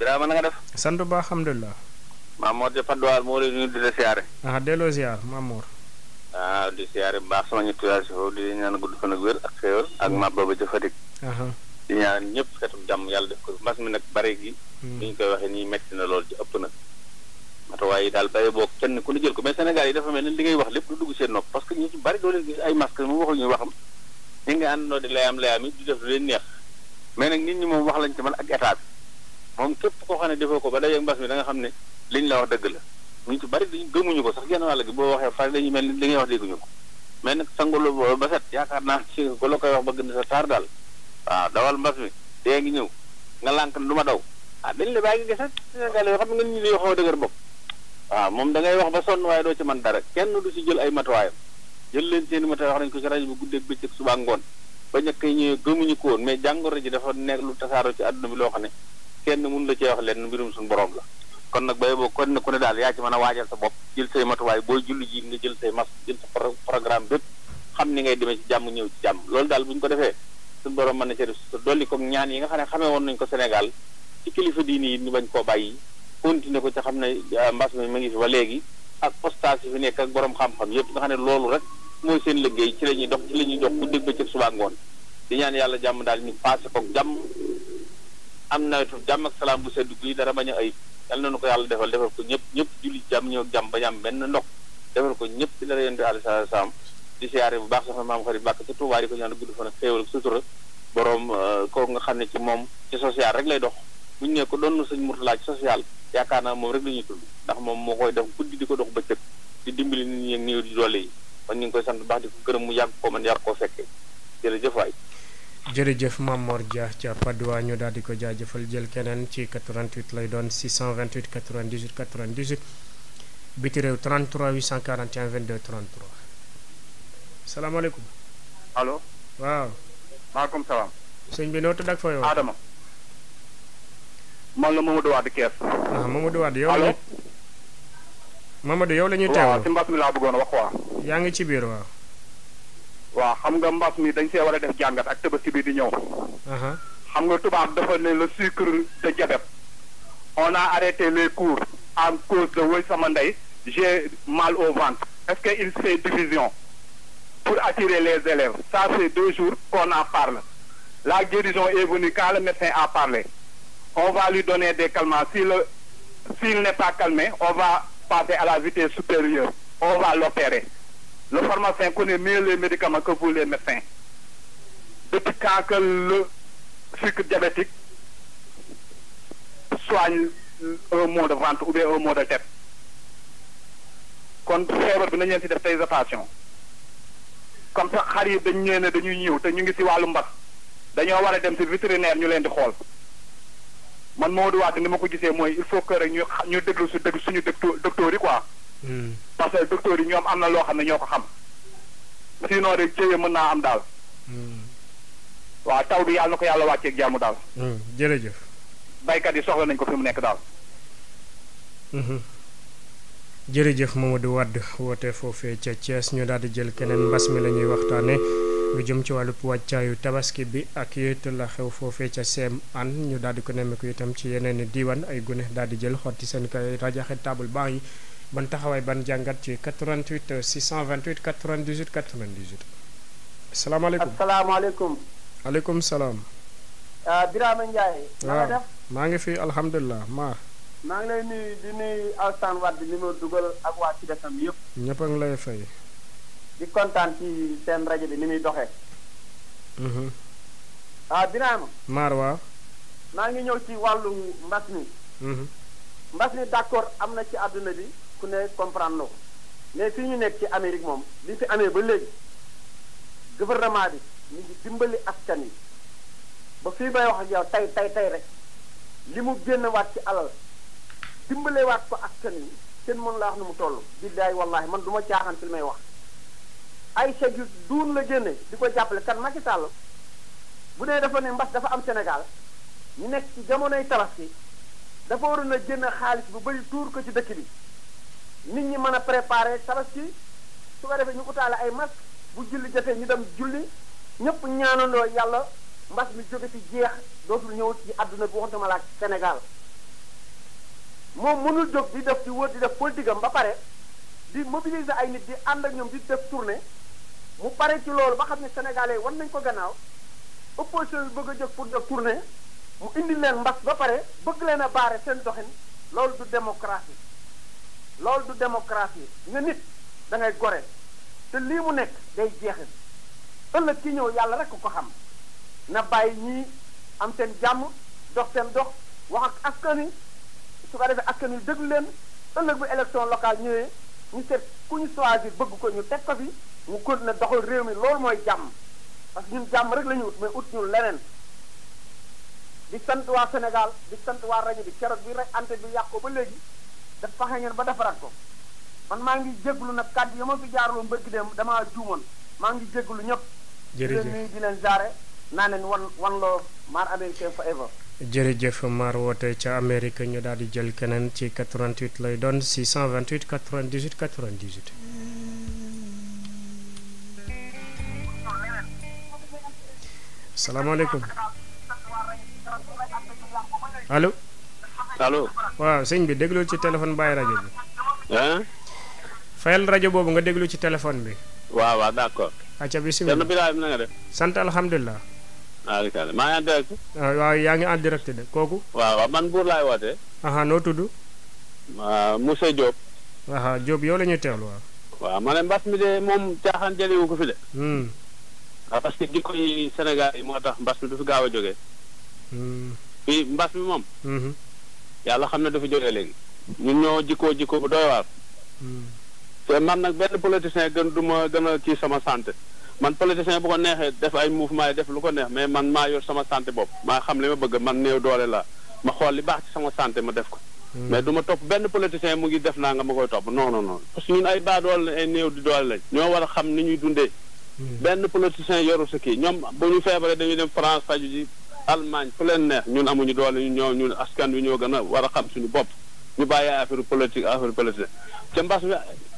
Birama na nga def. sant bu baax xam Mamour di Padoir moo lay nuyu di la siyaare. ah delloo siyaar Mamour. ah di siyaare bu baax sama ñetti waa si foofu di ñaan gudd fan ak wér ak xéwal ak Maba ba ca di ñaan ñëpp xeetu jàmm yàlla def ko mbas mi nag bare gi. Hmm. ni ñu koy waxee nii metti na lool ci ëpp na. matuwaay yi daal bàyyi boog kenn ku ne jël ko mais Sénégal yi dafa mel ni li ngay wax lépp lu dugg seen nopp parce que ñu ci bari doo leen gis ay masque moom waxul ñu waxam ñu ngi àndandoo di di def lu leen neex mais nag nit ñi moom wax lañ ci man ak état moom képp koo xam ne defoo ko ba dajeeg mbas mi da nga xam ne liñ la wax dëgg la ñu ci bari dañu gëmuñu ko sax genn wàll gi boo waxee far dañu mel ni li ngay wax dégguñu ko mais nag sangulu boobu ba set yaakaar naa ci ko la koy wax ba gën sa dawal mbas mi ñëw nga lànk du ma daw ah dañ la bàyyi gis ak Sénégal yoo xam nga ñu li xaw a moom da ngay wax ba waaye doo ci mën dara kenn du si jël ay matuwaayam jël leen seen i wax nañ ko ci rajo bi guddeeg bëccëg subaa ngoon ba ñëkk ñëwee ko woon mais jàngoro ji dafa nekk lu tasaaroo ci àdduna bi loo xam ne kenn mënu la cee wax lenn mbirum suñu borom la kon nag bay boo kon ne ku ne daal yaa ci mën a waajal sa bopp jël say matuwaay booy julli ji nga jël say mas jël sa programme bépp xam ni ngay demee ci jàmm ñëw ci jàmm loolu daal bu ñu ko defee suñu borom mën na cee def dolli comme ñaan yi nga xam ne xamee woon nañu ko Sénégal ci kilifa diini yi ni bañ koo bàyyi continuer ko ca xam ne euh, mbas mi ma ngi fi ba léegi ak postage yi fi nekk ak borom xam-xam yëpp nga xam ne loolu rek mooy seen liggéey ci la ñuy dox ci ñuy dox bu dégg ba ci subaa ngoon di ñaan yàlla jàmm daal ñu passé ko am nawetu jàmm ak salaam bu sedd guy dara bañ a ayib yal na nu ko yàlla defal defal ko ñëpp ñëpp julli jàmm ñëw jàmm am benn ndox defal ko ñëpp ci dara yonent alayhi salaatu salaam di siyaare bu baax soxna maam xarit bàkk ci Tuubaa di ko ñaan gudd fan ak euh, ko nga xam ne ci moom ci social rek lay dox bu ñu ne sëñ Murtala ci social yaakaar naa moom rek la ñuy tudd ndax moom moo koy def guddi di ko dox bëccëg di dimbali nit ñi ak doole yi kon ñu ngi koy sant baax di ko gërëm mu yàgg ko man yar koo fekkee jërëjëf waay jërëjëf Mamor Dia ca Padoa ñu daal di ko jaajëfal jël keneen ci 88 lay doon 628 98 98 biti réew 33 841 22 33 salaamaaleykum. allo. waaw. maaleykum salaam. sëñ bi noo tudd ak fooy woo. Adama. man la Mamadou Wade Kees. ah Mamadou Wade yow. allo Mamadou yow la ñuy teewlu waaw si mbas mi laa bëggoon wax waaw. yaa ngi ci biir waa waaw xam nga mbas mi dañ see war a def jàngat ak tabaski bi di ñëw. xam nga tubaab dafa ne le sucre de diabète. on a arrêté les cours en cause de woy sama ndey j'ai mal au ventre. est-ce que il fait division pour attirer les élèves. ça fait deux jours qu'on en parle. la guérison est venue quand le médecin a parlé. on va lui donner des calmants si le s'il n'est pas calmé on va passer à la vitesse supérieure. on va l'opérer. Le pharmacien connaît mieux les médicaments les médecins. Depuis quand le sucre diabétique soigne un mot de ventre ou bien un mot de tête kon feebar bi nañ leen si def tey attention comme sax xar yi dañ ñëw dañuy ñëw te ñu ngi si wàllu mbas dañoo war a dem si viterinaire ñu leen di xool man Maodo Wade ni ma ko gisee mooy il faut que rek ñu ñu déglu su déglu suñu docteur docteur yi quoi. Hmm. parce que docteur yi ñoom am na loo xam ne ñoo ko xam. sinon rek mën naa am daal. Hmm. waaw taw bi yàlla na ko yàlla wàcceeg jàmm daal. Hmm. jërëjëf. baykat yi soxla nañ ko fi mu nekk daal. jërëjëf di wadd woote foofee ca cees ñu daal di jël keneen mbas mi la ñuy waxtaane lu jëm ci wàllub wàccaayu tabaski bi ak it la xew foofee ca seem an ñu daal di ko nemmeeku itam ci yeneen diiwaan ay gune daal di jël xotti seen kay rajaxe taabal baax yi. ban taxawaay ban jàngat ci 88 628 98 98. salaamaaleykum asalaamaaleykum. aleykum salaam. Ah, Birama Ndiaye. waaw ah, maa ngi fi alhamdulilah maar. maa ngi lay nuyu di nuyu Alassane Wade mi ma dugal ak waa Sud FM yëpp. ñëpp a ngi lay fay. di kontaan ci seen rajo bi ni muy doxe mhm. ah maar waaw. maa ngi ñëw ci wàllu mbas mi. Mhm. mbas mi d'accord am na ci àdduna bi. ku ne comprendre na ko fii ñu nekk ci amerique moom li fi amee ba léegi gouvernement bi ñu ngi dimbali askan yi ba fii may wax ak yow tey tey tey rek li mu génn waat ci alal dimbale waat ko askan yi kenn mën laa wax nu mu toll billaay wallahi man du ma caaxaan li may wax ay chèques yu duun la génne di ko jàppale kan Macky Sall bu dee dafa ne mbas dafa am Sénégal ñu nekk ci jamonoy tabaski dafa war a génn xaalis bu bëri tuur ko ci dëkk bi nit ñi mën a préparer tabaski su ko defee ñu utaale ay masque bu julli jotee ñu dem julli ñëpp ñaanandoo yàlla mbas mi jóge fi jeex dootul ñëw ci àdduna bi waxantuma laa Sénégal moom mënul jóg di def ci wër di def politique ba pare di mobiliser ay nit di ànd ak ñoom di def tournée mu pare ci loolu ba xam ne sénégalais wan nañ ko gannaaw opposition bi bëgg a jóg pour def tournée mu indi leen mbas ba pare bëgg leen a baare seen doxin loolu du démocratie loolu du démocratie nga nit dangay gore te lii mu nekk day jeexal ëllëg ki ñëw yàlla rek ku ko xam na bàyyi ñii am seen jàmm dox seen dox wax ak askan wi su ko defee askan wi déglu leen ëllëg bu élection locale ñëwee ñu set ku ñu choisir bëgg ko ñu teg ko fi mu gën na doxal réew mi lool mooy jàmm parce que ñun jàmm rek la ñu ut mais ut ñu leneen. di sant waa Sénégal di sant waa rajo bi keroog bi rek ante bi yàq ko ba léegi. def fexe ñun ba defaraat ko man maa ngi jéglu nag kàddu yi ma fi jaaraloon mbërki dem damaa juumoon maa ngi jéglu ñëpp. jërëjëf di leen nuyu di leen jaare naa leen wan loo maar américain forever. jërëjëf Mar woote ca Amérique ñu daal di jël keneen ci 88 lay doon 628 98 98. salaamaaleykum allo. allo. waaw sëñ bi déglul ci téléphone bàyyi rajo bi. fayal rajo boobu nga déglu ci téléphone bi. waaw waaw d'accord. acca bisimilah Thierno Birahim na nga def. sant alhamdulilah. maa ngi en direct. waaw yaa ngi en direct de kooku. waaw waaw man Mbour laay wootee. aha noo tudd. Moussa Diop. aha Diop yow la ñuy waaw. waaw mbas mi de moom caaxaan jëlewu ko fi de. waaw hmm. ah, parce que jikko yi moo tax mbas mi du fi gaaw a jógee. Hmm. mbas mi moom. Hmm. yàlla xam ne dafa jógee léegi ñun ñoo jikkoo jikko bu doy waar hmm. te man nag benn politicien gën du ma gën a kii sama santé man politicien bu ko neexee def ay mouvement yi def lu ko neex mais man maa yor sama santé bopp maa xam li ma bëgg man néew doole la ma xool li baax ci sama santé ma def ko hmm. mais du ma topp benn politicien mu ngi def naa nga ma koy topp noonu non non parce ñun ay baa doole ay néew di doole lañ ñoo war a xam ni ñuy dundee hmm. benn politicien yoru sa kii ñoom bu ñu feebaree dañuy Allemagne fu leen neex ñun amuñu doole ñu ñoo ñun askan wi ñoo gën a war a xam suñu bopp ñu bàyyi affaire politique affaire politique ca mbas mi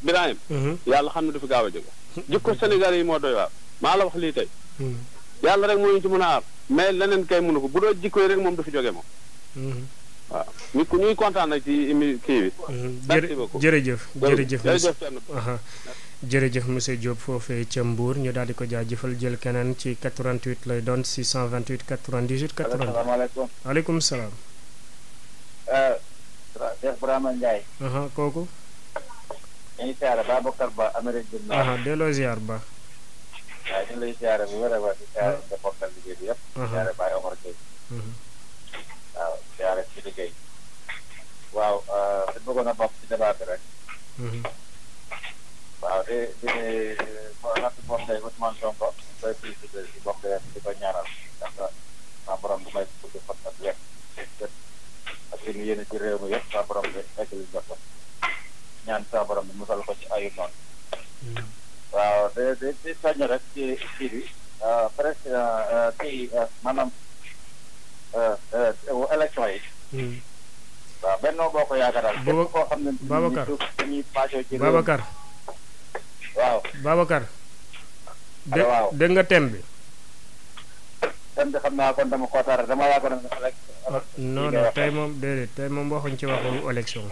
Birahim mhm. yàlla xam ne dafa gaaw a jóge mhm. jikko Sénégal yi moo doy waar maa la wax lii tey mhm. yàlla rek moo ñu ci mën a aar mais leneen kay mënu ko bu doo jikko yi rek moom dafa jóge moom waaw ñu ñu ngi kontaan ci émi kii bi. Mhm. merci beaucoup jërëjëf jërëjëf jërëjëf jërëjëf monsieur Diop foofee ca Mbour ñu daal di ko jëfal jël keneen ci 88 lay doon 628 98 80. asalaamaaleykum waaleykum salaam. Euh, Cheikh Brahma Ndiaye. kooku. ñu siyaare Babacar Ba Amérique Ba. bëggoon a bokk ci débat bi rek. waaw di di rajo Moussa Gueye Ousmane Sonko koy félicité si di ko ñaaral ndax sa borom bu may bëgg fot ak ak li ñu ci réew mi yëpp sa borom bi fekk li ko ñaan sa borom musal ko ci ayu noonu. waaw di di di sañ rek ci kii bi presque kii maanaam élection yi. Benno Bokk Yaakaar képp koo xam ne. Babacar dañuy bi. thème bi xam naa kon dama koo tara dama yaakaar rek. Ah, non non tey moom déedéet tey moom waxuñ ci waxu élection.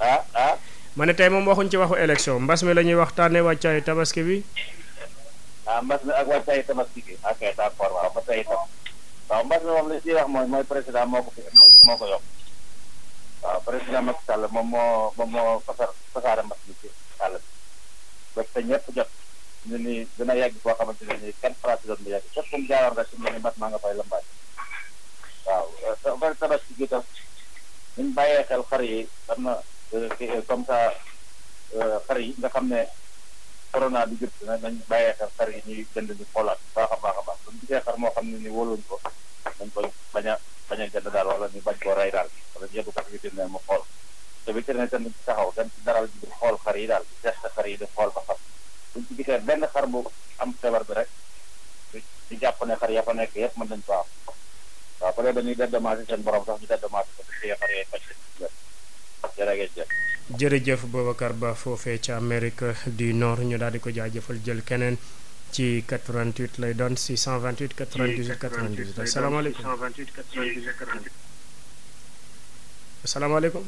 ah ah. ma ne tey moom waxuñ ci waxu élection mbas mi la ñuy waxtaanee wàccaayu tabaski bi. ah mbas mi ak wàccaayu tabaski bi ok d'accord moom li wax mooy mooy président moo ko fi waaw président Macky Sall moom moo moom moo fasar fasaare mbas mi ci àll bi ba te ñëpp jot ñu ni dana yàgg boo xamante ne nii kenn pratique doon mu yàgg képp fu mu jaaroon rek nga waaw bari tabaski gi tam ñu bàyyee xel xar yi am na euh, euh, comme ça euh, yi nga xam ne corona bi jub na nañ bàyyee xel xar yi ñuy jënd ñu xoolaat baax a baax a baax suñu gisee xar moo xam ne ni wóoluñ ko dañ koy bañ a bañ a daal wala ñu bañ koo rey daal wala ñu yóbbu ko ak vétérinaire mu xool te vétérinaire tamit taxaw dem daral bi xool xar yi daal di test xar yi di xool ba xam buñ ci benn xar bu am feebar bi rek di jàpp ne xar ya fa nekk yëpp mën nañ ko am waaw peut être dañuy dédommagé seen borom sax ñu dédommagé ko te xar yooyu faj jërëjëf. jërëjëf Boubacar Ba foofee ca Amérique du Nord ñu daal di ko jëfal jël keneen. ci 88 lay doon 628 98 98 asalaamaaleykum 628 98 asalaamaaleykum.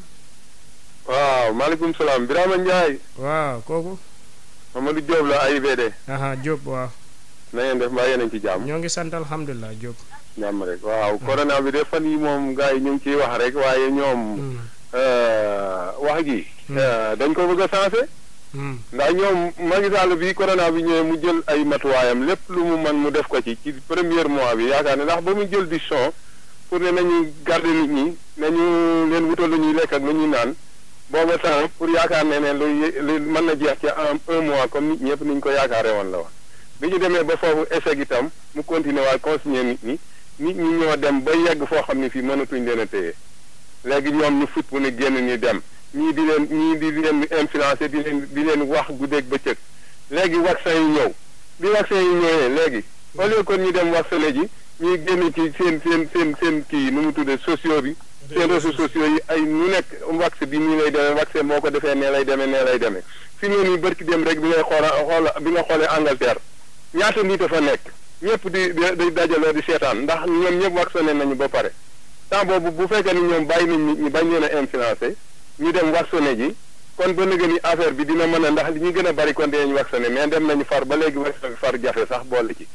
waaw maaleykum salaam Birama Ndiaye. waaw kooku. Mamadou Diop la AIBD. aha Diop waaw. na ngeen def mbaa yéen ci jàmm. ñoo ngi sant alhamdulilah Diop. jàmm rek waaw corona bi de fan yi moom gars yi ñu ngi ciy wax rek waaye ñoom. Mm. Euh, wax gi. Mm. Euh, dañ ko bëgg a sensé. ndax ñoom Macky Sall bi corona bi ñëwee mu jël ay matuwaayam lépp lu mu man mu def ko ci ci premier mois bi yaakaar ne ndax ba mu jël décision pour ne nañu garde nit ñi nañu leen wutal lu ñuy lekk ak lu ñuy naan booba temps pour yaakaar ne ne lu mën na jeex ci en un mois comme nit ñëpp ni ñu ko yaakaare woon la woon bi ñu demee ba foofu échec itam mu continuer waay consigner nit ñi nit ñi ñoo dem ba yegg foo xam ne fii mënatuñ leen a téye léegi ñoom ñu fut ne génn ni dem ñii di leen ñii di leen influencé di leen di leen wax guddeeg bëccëg léegi vaccin yi ñëw bi vaccin yi ñëwee léegi au lieu kon ñu dem vacciné ji ñuy génn ci seen seen seen seen kii nu mu tuddee sociaux bi seen réseaux sociaux yi ay mu nekk vaccin bi nii lay demee vaccin moo ko defee nee lay demee nee lay demee fi mu ne nii bërki dem rek bi ngay xoola xoola bi nga xoolee Angleterre ñaata nit a fa nekk ñëpp di di dajaloo di seetaan ndax ñoom ñëpp vacciné nañu ba pare temps boobu bu fekkee ni ñoom bàyyi nañ nit ñi bañ leen ñu dem wax vacciner ji kon ba nga ni affaire bi dina mën a ndax li ñu gën a bari kon dinañ vacciner mais dem nañu far ba léegi vaccin far jafe sax boole ci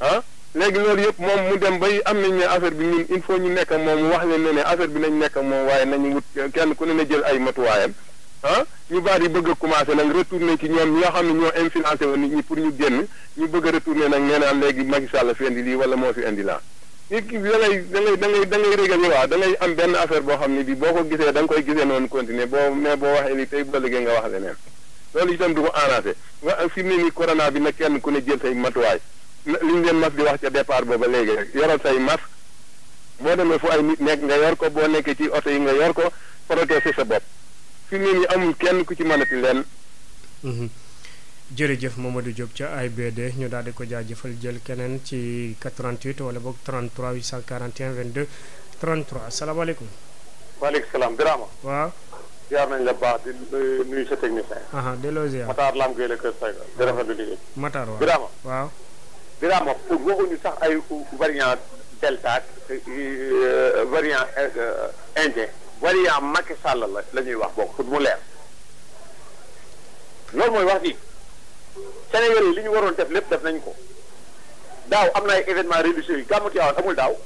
ah léegi loolu yëpp moom mu dem bay am nañ ne affaire bi ñun il faut ñu nekk ak moom wax leen ne ne affaire bi nañ nekk moom waaye nañu wut kenn ku ne na jël ay matuwaayam ah ñu baal yi bëgg a commencé nag retourné ci ñoom ñi xam ne ñoo influencé woon nit ñi pour ñu génn ñu bëgg a retourné nag nee naan léegi Macky Sall fi indi lii wala moo nit ki da ngay da ngay da ngay da ngay waaw da am benn affaire boo xam ne bi boo ko gisee da koy gisee noonu continuer boo mais boo waxee li tey ba léegi nga wax leneen loolu itam du ko arrangé nga fi mu ne nii corona bi nag kenn ku ne jël say matuwaay li ñu leen mas di wax ca départ booba léegi rek yoral say masque boo demee fu ay nit nekk nga yor ko boo nekkee ci oto yi nga yor ko protéger sa bopp fi mu ne nii amul kenn ku ci mënati leen. Mm-hmm. jërëjëf Mamadou Diop ca AIBD ñu daal di ko jëfal jël keneen ci 88 wala boog 33 841 22 33 salaamaaleykum. maaleykum salaam Birama. waaw. ziar nañ la baax di nuyu sa technicien. delloo ziar Matar Lam Gueye di rafetlu liggéey. Matar waaw Birama. waaw. Birama sax ay variant delta euh, variant euh, indien. variant Macky Sall la la wax bokk pour mu leer. loolu mooy wax ji. Sénégal yi li ñu waroon def lépp def nañ ko daaw am na ay événement religieux yu gàmmu Tiwaawan amul daaw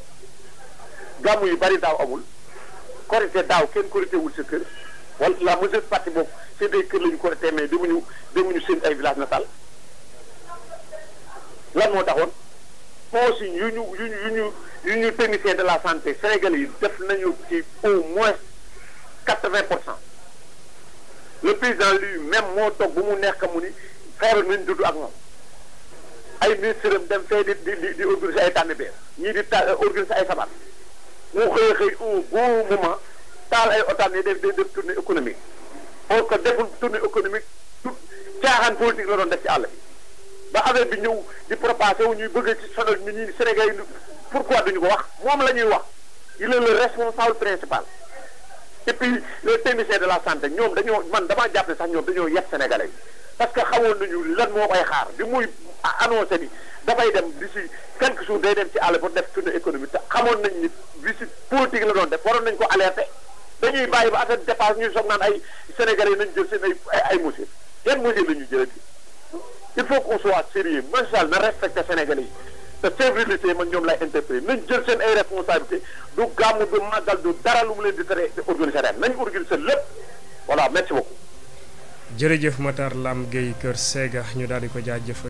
gàmmu yu bari daaw amul korité daaw kenn korité wul sa kër la majeure partie boobu seen ay kër la ñu korité mais demuñu demuñu seen ay village natal lan moo taxoon consignes yu ñu yu ñu yu ñu yu ñu technicien de la santé sénégalais yi def nañu ci au moins quatre-vingt pour cent le président lui-même moo toog bu mu nekk mu ni xeeru nañ dudd ak moom ay ministres am dem fee di di di organiser ay tànn beer ñii di ta organiser ay sabar mu xëy xëy au bon moment taal ay otaan yi def def tournée économique pour que deful tournée économique caaxaan politique la doon def ci àll bi ba affaire bi ñëw di propagé wu ñuy bëgg ci sonal nit ñi Sénégal yi pourquoi duñu ko wax moom la ñuy wax il est le responsable principal et puis les techniciens de la santé ñoom dañoo man damaa jàpp ne sax ñoom dañoo yeb sénégalais yi parce que xawoon nañu lan moo koy xaar bi muy annoncé ni dafay dem di si quelques jours day dem ci àll pour def tournée économique te xamoon nañ ni visite politique la doon def waroon nañ ko alerter dañuy bàyyi ba affaire dépense ñuy soog naan ay Sénégalais nañ jël seen ay ay mesures yan mesures la ñuy il faut qu'on soit sérieux Macky Sall na respecté Sénégalais yi te sévérité man ñoom lay interpellé nañ jël seen ay responsabilité du gàmmu du màggal du dara leen di tere organiser ren nañ lépp voilà merci beaucoup. jërëjëf Matar Lam Guèye Kër Sega ñu daal di ko jaajëfal